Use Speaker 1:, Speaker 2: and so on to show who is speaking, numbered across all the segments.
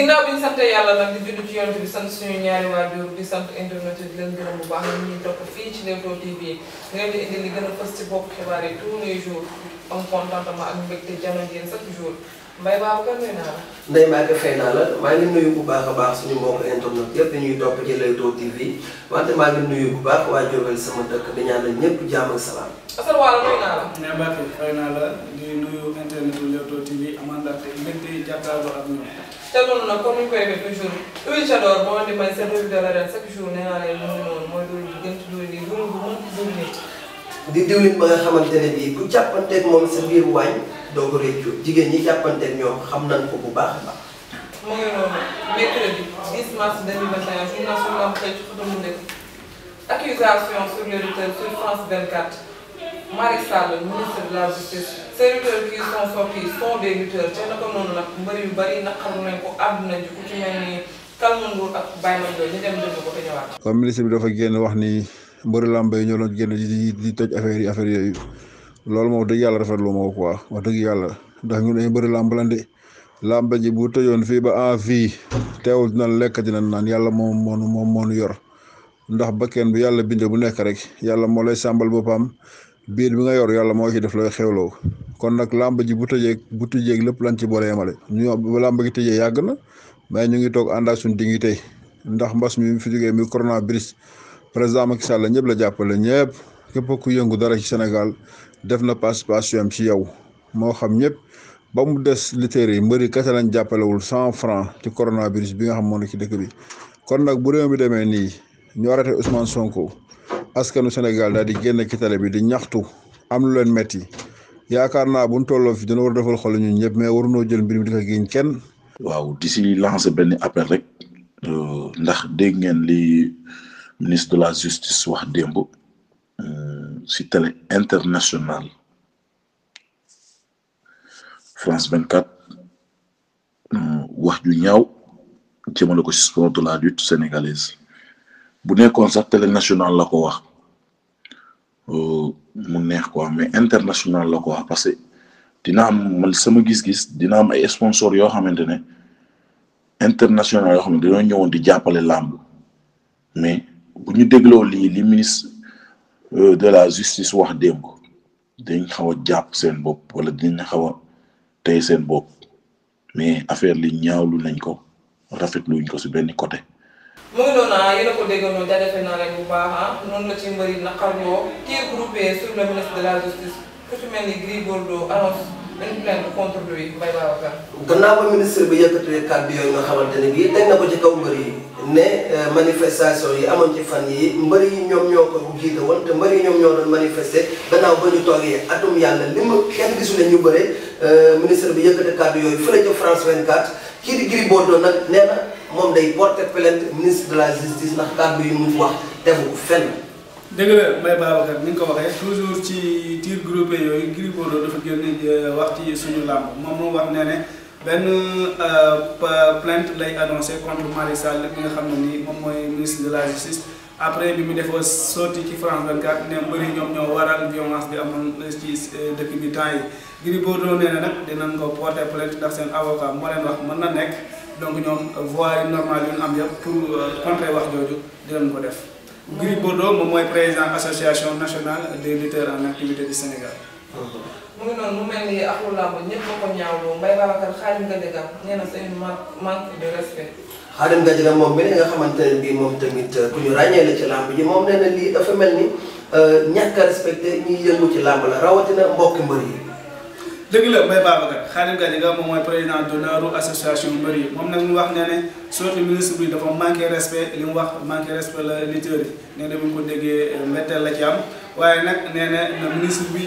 Speaker 1: ginnaaw bi ñu sant yàlla nag di judd ci yonent bi sant suñu ñaari waajur di sant internet di leen gërëm bu baax ñu ñuy topp fii ci Leewtoo TV a fës ci bopp xibaar yi tous les jours am contentement ak mbégte naa la.
Speaker 2: Ndeye la maa ngi nuyu bu baax a baax suñu mbokk internet yëpp dañuy topp ci Leewtoo TV wante maa ngi nuyu bu baax waa Diourbel sama dëkk di ñaanal ñëpp jàmm ak salaam.
Speaker 3: asalaamaaleykum nuyu naa la. Ndeye Mbacke naa la te loolu nag comme ni ñu koy defee
Speaker 1: toujours huile j'adore boo andi may seen huile de la reine chaque jour nee naa leen loolu noonu mooy loolu gën ci loolu nii loolu bu mën ci diwlin.
Speaker 2: di diwlin ba nga xamante ne bii ku jàppanteeg moom sa biir waañ doo ko réccu jigéen ñi jàppanteeg ñoom xam nañ ko bu baax a baax.
Speaker 1: mu ngi noonu mercredi 10 mars 2021 journal sunu lamb xëy ci xëtu mu nekk accusation sur le retard sur France 24. Malick Sall ministre de la justice ces lutteurs qui sont sortis sont des lutteurs te naka noonu nag mbër yu bari naqaru nañ ko àdduna ji ku ci mel ni Kalma Ndour ak Baye Mandione ñu dem déglu ko te ñëwaat.
Speaker 4: waaw ministre bi dafa génn wax ni mbëru làmb yi ñoo doon génn di di toj affaire yi affaire yooyu loolu moom dëgg yàlla rafetlu ma ko quoi wax dëgg yàlla ndax ñun dañu bëri làmb lan de làmb ji bu tëjoon fii ba en vie teewul dinañ lekk dinañ naan yàlla moom moonu moom moonu yor ndax bakkeen bu yàlla bindee bu nekk rek yàlla moo lay sàmbal boppam biir bi nga yor yàlla moo ci def looy xewloo kon nag làmb ji bu tëjee bu tëjeeg lépp lañ ci boole yemale ñu ba làmb gi tëjee yàgg na mais ñu ngi toog ànd ak suñu dignité ndax mbas mi fi jógee mi coronavirus président Macky Sall ñëpp la jàppale ñëpp képp ku yëngu dara ci Sénégal def na participation am ci yow moo xam ñëpp ba mu des littère yi mbëri kese lañ jàppalewul cent franc ci coronavirus bi nga xam moo ne ci dëkk bi kon nag bu demee nii ñu arrêté Sonko. askanu Sénégal daal di génn ci tale bi di ñaxtu am lu leen metti yaakaar naa bu ñu tolloo fi dina war a defal xol ñun ñëpp mais warunoo jël mbir mi di ko génn waaw di si lancer benn appel rek euh, ndax dégg ngeen li ministre de la justice wax démb euh, si télé international France 24 euh, wax ju ñaaw jëmale ko si de la lutte sénégalaise. bu nekkoon sax télé national la ko wax euh, mu neex wax mais international la ko wax parce que dina am sama gis-gis dina am ay sponsor yoo xamante ne international yoo xam ne dañoo ñëwoon di jàppale làmb mais bu ñu dégloo lii li ministre euh, de la justice wax démb dañ xaw a jàpp seen bopp wala dinañ xaw tey seen bopp mais affaire li ñaawlu nañ ko rafet rafetluñ ko si benn côté
Speaker 1: mu ngi noonu ah yéen a ko déggoonoon jaajëfal naa leen bu baax ah noonu la ci mbëri naqar ñoo tir groupé sur le ministre de la justice ku ci mel oo Gris Bordeaux annonce une plainte contre lui a Babacar.
Speaker 2: gannaaw ba ministre bi yëkkatee kàddu yooyu nga xamante ne bii teg na ko ci kaw mbër yi. ne euh, manifestation yi amoon ci fan yi mbëri yi ñoom ñoo ko jiite woon te mbëri yi ñoom ñoo doon manifester gannaaw ba ñu toogee atum yàlla li ma kenn gisu ñu bëre euh, ministre bi yëkkati kàddu yooyu fële ca France 24 kii di Gris Bordeaux nag nee na moom day porter
Speaker 3: plainte ministre de la
Speaker 2: justice ndax kàddu yi mu wax
Speaker 3: tegu ko fenn. dëgg la Mbaye Babacar ni ko waxee toujours ci tir groupé yooyu Gris Bordeaux dafa génn euh, wax ci suñu làmb moom moo wax nee benn euh, plainte lay annoncé contre Malick Sall bi nga xam ne nii moom mooy ministre de la justice après bi mu defoo sortie ci France 24 ne mbëri ñoom ñoo waral violence bi amoon ci euh, dëkk bi temps yi Gris Bordeaux nee na nag ko porter plainte ndax seen avocat moo leen wax mën na nekk donc ñoom voie normale yu ñu am yëpp pour euh, contrer wax jooju dinañ ko def Gris Bordeaux moom mooy président association nationale des lutteurs en activité du Sénégal
Speaker 1: mu ngi noonu mu mel ni axlu làmb ñëpp a ko ñaawloo Mbaye Babacar Khadim Gadiaga nee na c'est une manque de respect. Khadim Gadiaga moom nga
Speaker 2: xamante ne bii moom tamit euh, ku ñu ci làmb ji moom nee na lii dafa mel ni euh, ñàkk a respecté ñiy yëngu ci làmb la rawatina mbokki mbër yi.
Speaker 3: dëgg la Mbaye Babacar Khadim Gadiaga moom mooy président d'honneur association mbër yi moom nag mu wax ne ne surtout ministre bi dafa manqué respect li mu wax manqué respect la lutteurs yi nee bu ñu ko déggee euh, mbetteel la ci am waaye nag nee na bi.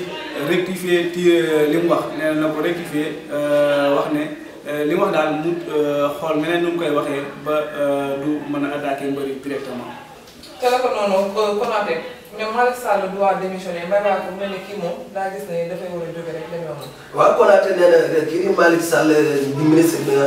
Speaker 3: rectifier ti euh, li mu wax nee na ko rectifier euh, wax ne euh, li mu wax daal mu xool meneen nu mu koy waxee ba du mën a attaquer mbëri directement.
Speaker 1: te la ko noonu kii moom daa gis ne dafay war a jóge rek la ñu wax.
Speaker 3: waaw
Speaker 2: Konaté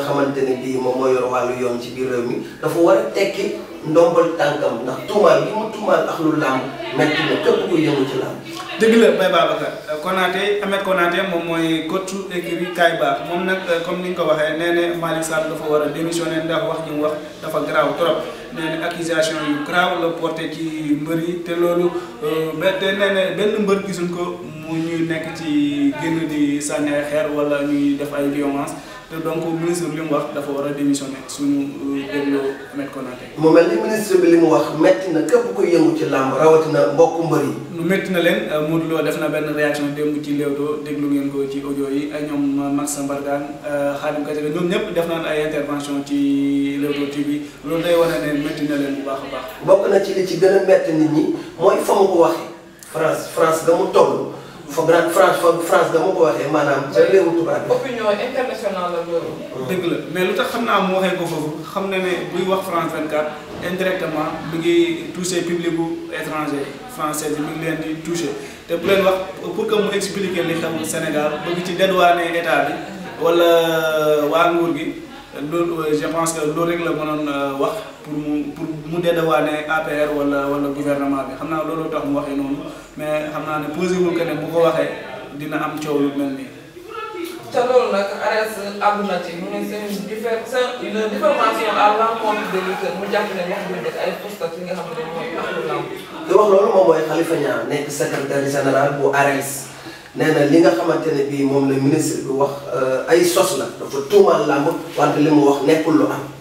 Speaker 2: xamante ne bii moom moo yor yoon ci biir
Speaker 3: réew dafa war a tekki ndombal tànkam ndax tuumaal bi mu tuumaal ak lu làmb metti na képp kuy yëngu ci làmb. dëgg la Baye Babacar euh, Konaté Ahmed Konaté moom mooy coachu écurie Kaay Baax moom nag euh, comme ni nga ko waxee nee ne Malick Sall dafa war a démissionner ndax wax ji mu wax dafa garaaw trop nee na accusation yu garaaw la porté ci mbër yi te loolu euh, te nee benn mbër gisuñ ko mu ñuy nekk ci génn di sànni ay xeer wala ñuy def ay violence te donc ministre li mu wax dafa war a démissionner suñu euh, dégloo ko Konaté. mu mel ni ministre bi li mu wax métti na képp ko yëngu ci làmb rawatina mbokku mbër yi. métti na leen euh, Modou Lo def na benn réaction démb ci Leewtoo déglu ko ci audio yi ak ñoom euh, Max Mbargane Khadim Kadiaga ñoom ñëpp def naan ay intervention ci Leewtoo TV loolu day wane ne métti na leen bu baax a baax. bokk na ci li ci gën a nit ñi mooy fa mu
Speaker 2: waxee France France ga mu toll. fa grand France fa France dama ko waxee maanaam. ca réewu tubaab bi opinion internationale la loolu. dëgg la mais lu tax xam naa mu waxee ko foofu xam na ne buy wax France
Speaker 3: 24 indirectement mi ngi touché public bu étranger français bi mi leen di touché te bu leen wax pour que mu expliquer li xam Sénégal bëgg ci dédouaner état bi wala euh, waa nguur gi loolu je pense que loolu rek la mënoon euh, wax. pour mu pour mu déddawaane APR wala wala gouvernement bi xam naa looloo tax mu waxee noonu mais xam naa ne posé wul que ne bu ko waxee dina am coow lu mel ni
Speaker 1: te loolu nag ARS àgg na ci mu ne seen diffé seen une diffamation à l'encontre de mu jàpp ne wax dëgg ay postes yi nga ne mooy taxul làmb.
Speaker 2: li wax loolu moom mooy Khalifa Niang nekk secrétaire général bu ARS. nee na li nga xamante ne bii moom la ministre bi wax euh, ay sos la dafa tuumaal làmb wante li mu wax nekkul lu am.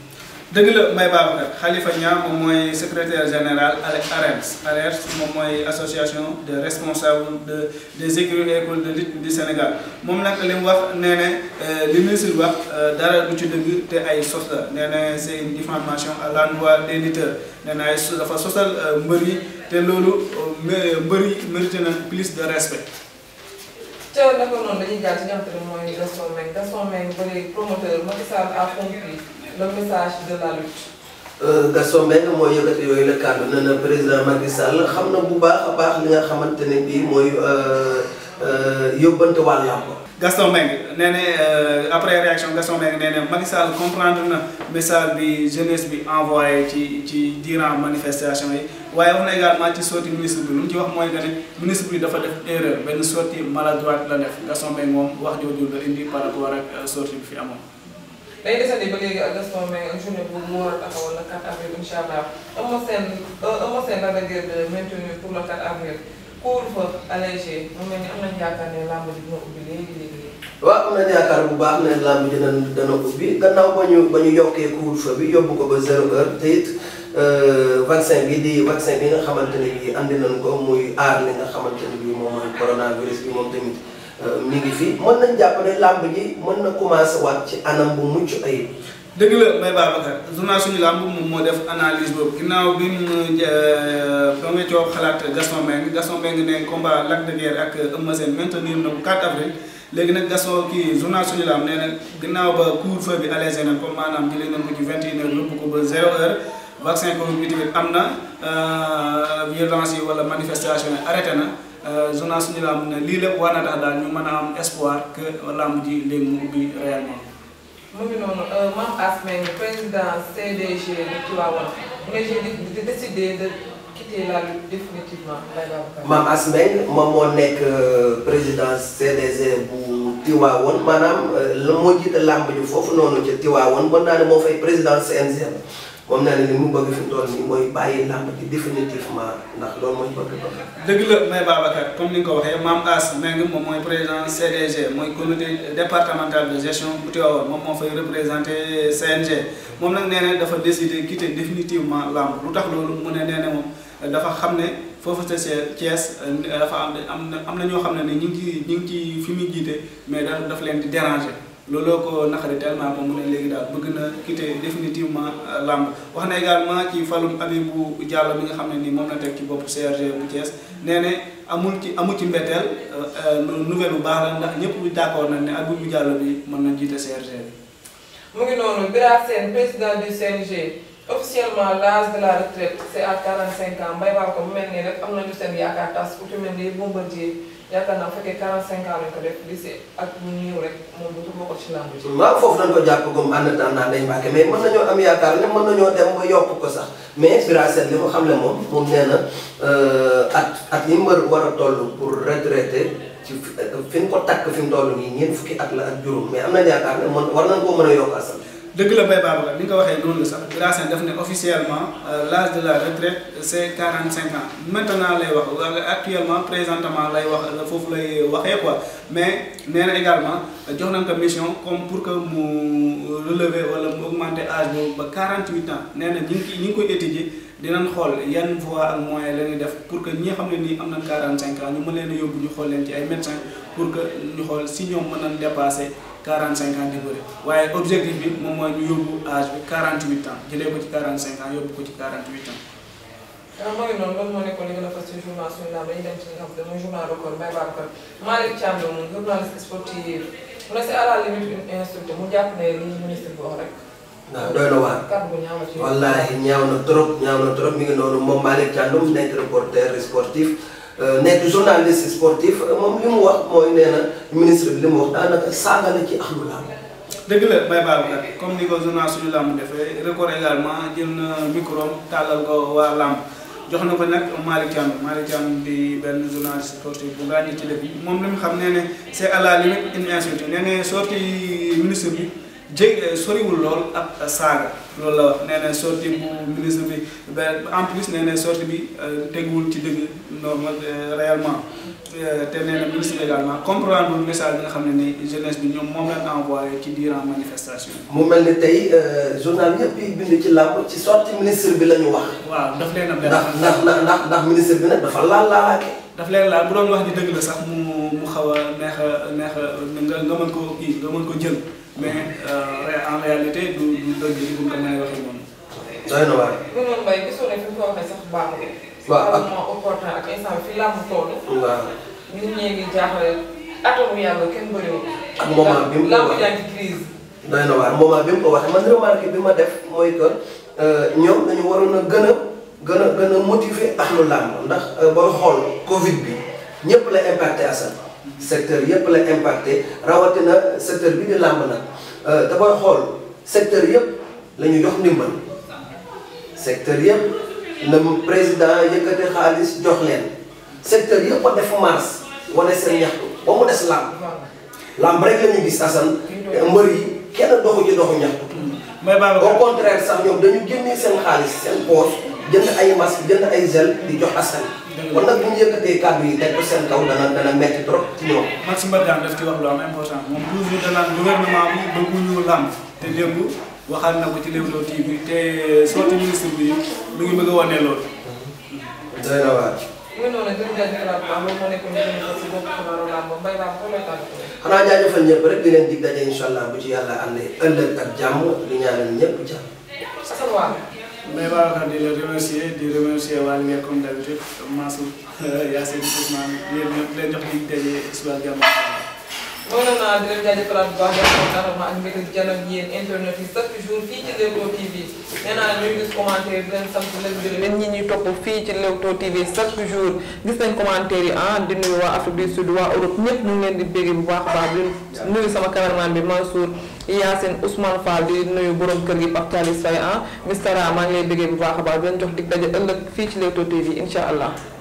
Speaker 3: dëgg la Mbaye Babacar Khalifa Niang moom mooy secrétaire général AREELS AREELS moom mooy association de responsables de des écuries et écoles de lutte du Sénégal moom nag li mu wax nee na euh, li ministre wax euh, dara du ci dëgg te ay sos la nee na c'est une diffamation à l'endroit des lutteurs ay dafa sosal euh, mbër yi te loolu mbër yi mérite na plus de respect.
Speaker 1: ca naka noonu dañuy jaar ci ñaxte mooy Gaston Mbengue Gaston Mbengue ba léegi promoteur Macky Sall a compris. le message de la lutte.
Speaker 2: Euh, Gaston Mbengue mooy yëkkati yooyu la kàddu na na président baax baax li nga xamante ne bii mooy euh, euh, yóbbante wàll làmb.
Speaker 3: Gaston Mbengue nee na après réaction Gaston Mbengue nee na Macky Sall comprendre na message bi jeunesse bi envoyé ci ci durant manifestation yi waaye wax na également ci sortie ministre bi lu ci wax mooy que bi dafa def erreur benn sortie maladroite la def Gaston Mbengue moom wax jooju la indi par rapport ak sortie fi amoon.
Speaker 1: day desandi ba léegi ak Gaston Mbengue journée bu mu war a taxawal le 4 avril incha allah Eumeu Sène Eumeu Sène Lac de Guiers maintenu pour le 4 avril couvre-feu allégé mu mel ni am nañu yaakaar ne làmb ji dina ubbi léegi léegi.
Speaker 2: waaw am nañu yaakaar bu baax ne làmb ji dana dana ubbi gannaaw ba ñu ba ñu yokkee couvre-feu bi yóbbu ko ba zéro heure te it vaccin di vaccin bi nga xamante ne bii andi nañu ko mu aar li nga ne bii moom mooy coronavirus Euh, mi ngi fi mën nañ jàpp ne làmb mën na commencé waat ci anam bu mucc ayib.
Speaker 3: dëgg baax Mbaye Babacar journal suñu làmb moom moo def analyse boobu ginnaaw bi mu euh, ba nga coow xalaat Gaston Mbengue Gaston Mbengue ne combat Lac de Guiers ak Eumeu Sène maintenir na bu 4 avril léegi nag Gaston kii journal suñu làmb nee na ginnaaw ba couvre-feu bi allégé comme maanaam jëlee leen ko ci 21 heures yóbbu ko ba 0 heure vaccin Covid bi tamit am na euh, violence yi wala manifestation yi arrêté journal suñu làmb ne lii lépp war na tax daal ñu mën a am espoir que làmb ji léegi mu ubbi réellement.
Speaker 1: mu ngi noonu euh, Mame Ass Mbengue président CDG de Tivaouane nga di décider de quitter la lutte définitivement.
Speaker 2: Mame Ass Mbengue moom moo nekk euh, président CDG bu Tivaouane maanaam euh, la moo jiite làmb ji foofu noonu ca Tivaouane mën naa ne moo fay président CNG. comme naa ne li mu bëgg fi mu toll nii mooy bàyyi làmb ci définitivement ndax loolu mooy bëgg-bëgg.
Speaker 3: dëgg la may Babacar comme ni nga ko waxee Mame As Mbengue moom mooy président CDG mooy comité départemental de gestion bu Tivaouane moom moo fay représenté CNG moom nag nee na dafa décidé quitter définitivement làmb lu tax loolu mu ne nee moom dafa xam ne foofu ca Thiès dafa am na am na ñoo xam ne ni ñu ngi ñu ngi ci fi mu jiite mais dafa leen di déranger. loolu looloo ko naqari tellement moom mu ne léegi daal bëgg na quitter définitivement euh, làmb wax na également ci falum Abibou Diallo bi nga xam ne ni moom la teg ci bopp CRG bu Thiès nee amul ci amul ci mbetteel euh, euh, nouvelle bu baax la ndax ñëpp d'accord nañ ne Abibou jàll bi mën na jiite CRG bi.
Speaker 1: mu ngi noonu Bira Sène président du CNG officiellement l'âge de la retraite c'est à ans mbay ko mu mel nii rek am nañu seen yaakaar tas ku ci mel ni Bombardier yaakaar naa bu fekkee 45 ans lañ ko def lycée ak bu néew rek moom du bokkul ci làmb ji. waaw foofu nañ ko jàpp
Speaker 2: comme en attendant day mbàkke mais mën nañoo am yaakaar ne mën nañoo dem ba yokk ko sax mais Birasène li mu xam ne moom moom nee na euh, at at yi mu war a toll pour retraité ci fi ko takk fi mu toll nii ñeent fukki at la ak juróom mais am na yaakaar ne mën war nañ koo mën a yokk asal.
Speaker 3: dëgg la Baye Babacar la li nga ko waxee noonu la sax Gracien daf ne officiellement euh, l'âge de la retraite c'est quarante cinq ans maintenant lay wax actuellement présentement lay wax la euh, foofu lay waxee quoi mais nee na également jox nañ ko mission comme pour que mu relever wala mu augmenter âge boobu ba quarante huit ans nee na ñu ngi ñu ngi koy étudier dinañ xool yan voie ak moyen la ñuy def pour que ñi xam ne nii am nañ quarante cinq ans ñu mën leen yóbbu ñu xool leen ci ay médecins pour que ñu xool si ñoom mën nañ dépasser. quarante cinq ans di bëri waaye objectif bi moom mooy ñu yóbbu âge bi quarante huit ans jëlee ko ci quarante cinq ans yóbbu ko ci quarante huit ans.
Speaker 1: waaw maa ngi noonu loolu moo nekkoon li nga fas ci journal suñu lamb dañuy dem a li nga xam ne mooy journal record Mbaye Babacar Malick Thiam la moom mu ne si à la limite une instructe mu jàpp ne li ministre bi wax rek. waaw doy na waar
Speaker 2: wallaahi ñaaw na trop ñaaw na mi ngi noonu moom Malick Thiam nekk reporter sportif. Euh, nekk journaliste sportif euh, moom li mu wax mooy nee na ministre bi li mu wax daanaka saaga la ci axlu làmb
Speaker 3: dëgg la Baye Babacar comme ni ko journal suñu làmb defee record également jël na micro am tàllal ko waa làmb jox na ko nag Malick Thiam Malick Thiam di benn journaliste sportif bu ngaa ñu ci dëkk moom li mu xam nee ne c'est à la limite une insulte nee ne sorti ministre bi jë eh, soriwul lool ak saaga loolu la wax nee na sorti bu ministre bi en plus nee na sorti bi eh, teguwul ci dëgg normal eh, réellement te nee na ministre bi également comprendre le message bi nga xam ne ni jeunesse bi ñoom moom lañ envoyé ci durant manifestation
Speaker 2: mu mel ni tey journal yëpp yi bind ci làmb ci sorti ministre bi la ñu wax
Speaker 3: waaw daf leen a benn ndax ndax ndax ministre bi nag dafa laal laalaake daf leen laal bu doon wax ni dëgg la sax mu mu xaw a neex neex a nga nga ko kii nga mën ko jël mais euh, en réalité
Speaker 2: du du dëgg yi buñ ko mënee waxee noonu. doy na waay. gënoon mbay gisoo ne fi mu ko waxee sax baax na. waaw ak moment opportun
Speaker 1: ak instant bi fi làmb toll. waaw nit ñee ngi jaaxle atomu yàlla kenn bëriwul. ak moment bi mu ko waxee làmb
Speaker 2: crise. doy na waay moment bi mu ko waxee man remarque bi ma def mooy que euh, ñoom dañu waroon a gën a gën a gën a motiver ahlu làmb ndax euh, booy xool Covid bi ñëpp la impacté à secteur yëpp la impacté rawatina secteur bi di làmb nag te euh, xool secteur yëpp la jox ndimbal secteur yëpp na président yëkkati xaalis jox leen secteur yëpp a def mars wane seen ñaxtu ba mu des làmb làmb rek la ñu gis asan mbër yi kenn doxu ci doxu ñaxtu au contraire sax ñoom dañu génnee seen xaalis seen poche jënd ay masque jënd ay gel di jox askan kon nag bu ñu
Speaker 3: yëkkatee kàddu yi teg ko seen kaw dana dana metti trop ci ñoom Maxime Badiane daf ci wax lu am important moom toujours te démb waxaat na ko ci Leewtoo a wane loolu doy waar
Speaker 1: muy noonu nag gën jaajëfalaat bu baax loolu moo
Speaker 2: nekkoon allah bu ci yàlla àndee ëllëg ak jàmm di
Speaker 3: Mbaye Babacar di la remercier di remercier waa Linguère comme d'habitude Mansour euh, Yacine Ousmane yéen ñëpp leen jox dig daje suba jàmm.
Speaker 1: wala di leen jaajëfalaat bu baax di leen kontaanama ak mbégte jàllale ak yéen internet yi chaque jour fii naa ñi ñuy topp fii ci Leewtoo TV chaque jour gis nañ commentaire yi ah, di nuyu waa Afrique du Sud waa Europe di bégg bu baax a baax di nuyu sama cameraman Yacine Ousmane Fall di nuyu borom kër gi Pape Thialis Faye ah mistara maa ngi lay bëggee bu baax a baax di leen jox dig daje ëllëg fii ci Leewtoo TV incha allah.